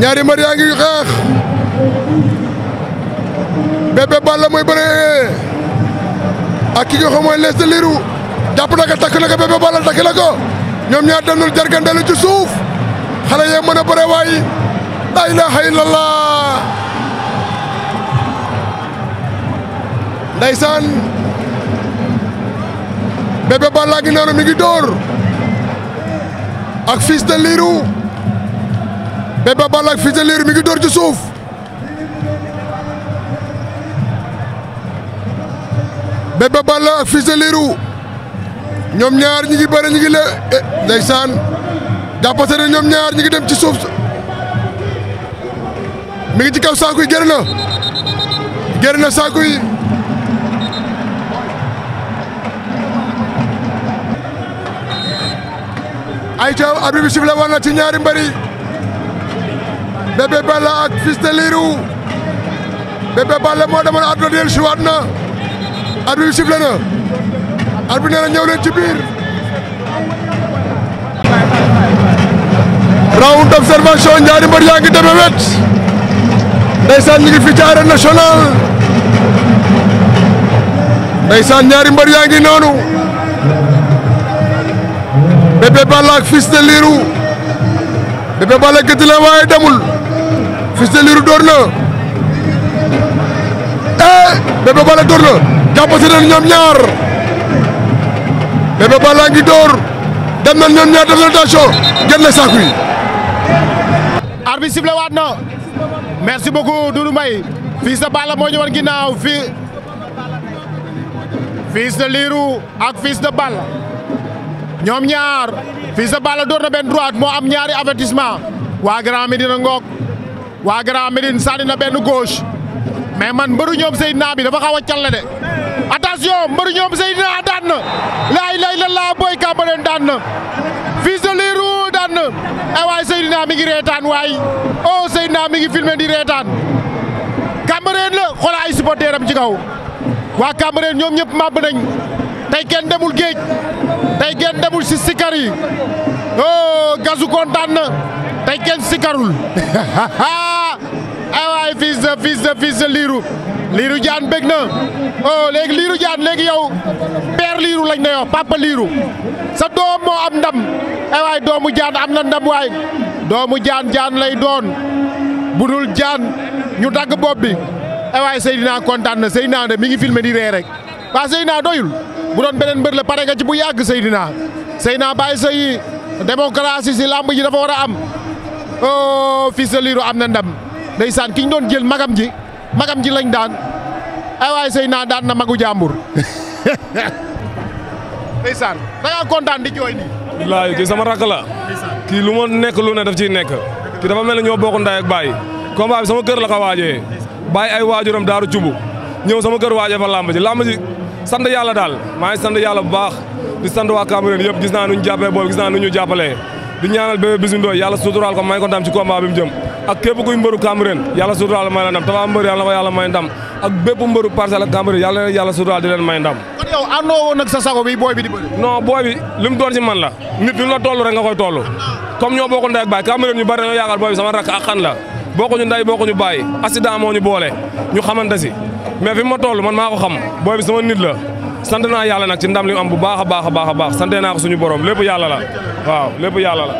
ñaari mbër yaa ngi xeex Bébé Balla mooy bëree ak ki nga xam mooy Less Lirou jàpp na ko takk na ko Bébé Balla takk ko ñoom ñaar dem nañu jargandalu ci suuf xale yee mën a bëre waay la ilaha illallah ndaysaan Bébé Balla ngi noonu mi ngi dóor ak fils de Lirou Bébé Balla ak Fils de mi ngi dóor ci suuf Bébé Balla ak Fils de ñoom ñaar ñi ngi bëre ñi ngi la eh, ndeysaan jàppase ne ñoom ñaar ñi ngi dem ci suuf mi ngi ci kaw saaku yi génn na génn na saaku yi ay taw abi bi sifle war ci ñaari mbëri Bébé Balla ak Fils de Lirou Bébé Balla moo demoon àdduna dellu si waat na arbitre bi sifflé na arbitre nee na ñëw leen ci biir round ñaari mbër deme wet ndeysaan ñu ngi fi ci arène nationale ndeysaan ñaari mbër noonu Bébé Balla ak Fils de Lirou Bébé Balla gëdd waaye demul Fils de Lirou dóor na eh Bébé Balla dóor na jàppante nañ ñoom ñaar Bébé Balla ngi dóor dem nañ ñoom ñaar def na attention jël na saako yi. arbitre sifflé waat na merci beaucoup Doudou Mbaye Fils ginnaaw fii Fils de Lirou ak Fils de Balla ñoom ñaar Fils de Balla dóor na benn droite moo am ñaari avertissement waa Grand Médina ngoog. waa Grand Médine sànni na benn gauche mais man mbëru ñoom Seydina bi dafa xaw a calle de attention mbëru ñoom Seydina daan na laay lay la booy Cambérène daan na fils de Lirou daan na eh ay mi ngi reetaan waay oh Seydina mi ngi filmé di reetaan Cambérène la xoola ay supporter am ci kaw waa Cambérène ñoom ñëpp màbb nañ tey kenn demul géej tey kenn demul si sikar oh, gasu kontaan na tey kenn sikarul waay fils de fils de fils de liiru liiru jaan bég na oh léegi liiru jaan léegi yow père liiru lañ lay wax papa liiru sa doom moo am ndam eh ay doomu jaan am na ndam waay doomu jaan jaan lay doon budul jaan ñu dagg bopp bi ay eh waay Seydina kontaan na Seydina de mi ngi filmé di ree rek waa Seydina doyul bu doon beneen mbër la pare nga bu yàgg Seydina Seydina bàyyi say démocratie si làmb ji dafa war a am oh fils de liiru am na ndam ndeysaan ki ñu doon jël magam ji magam ji lañ daan ay waay sëy naa daan na magu jàmbur ndeysaan da ngaa kontaan di jooy nii. wallaay kii sama rakk la. kii lu ma nekk lu ne daf ciy nekk. kii dafa mel ne ñoo bokk ndaay ak baay. combat sama kër la ko waajee. bàyyi ay waajuram daaru cubu ñëw sama kër waajee fa làmb ji làmb ji sant yàlla daal maa ngi sant yàlla baax di sant waa Cambérène yëpp gis naa nu ñu jàppee boobu gis naa nu ñu jàppalee. di ñaanal bébé Bisu Ndoye yàlla suturaal ko may ko ndam ci combat bi mu jëm ak képp kuy mbëru Cambérène yàlla suturaal may la ndam Tapha Mbeur na ko yàlla may ndam ak bépp mbëru Parcelles ak Cambérène yàlla na yàlla suturaal di leen may ndam kon yow àndoo nag sa sago booy bi di bëri non booy bi li mu doon man la nit ñu la toll rek nga koy toll comme ñoo bokk ndey baay Cambérène ñu bari dañoo yaakaar booy bi sama rakk ak xan la bokkuñu ndey bokkuñu baay ñu si mais fi ma toll man maa ko xam booy bi sama nit la sante naa yàlla nag ci ndam li am bu baax a baax a baax sant naa ko suñu borom lépp yàlla la waaw lépp yàlla la.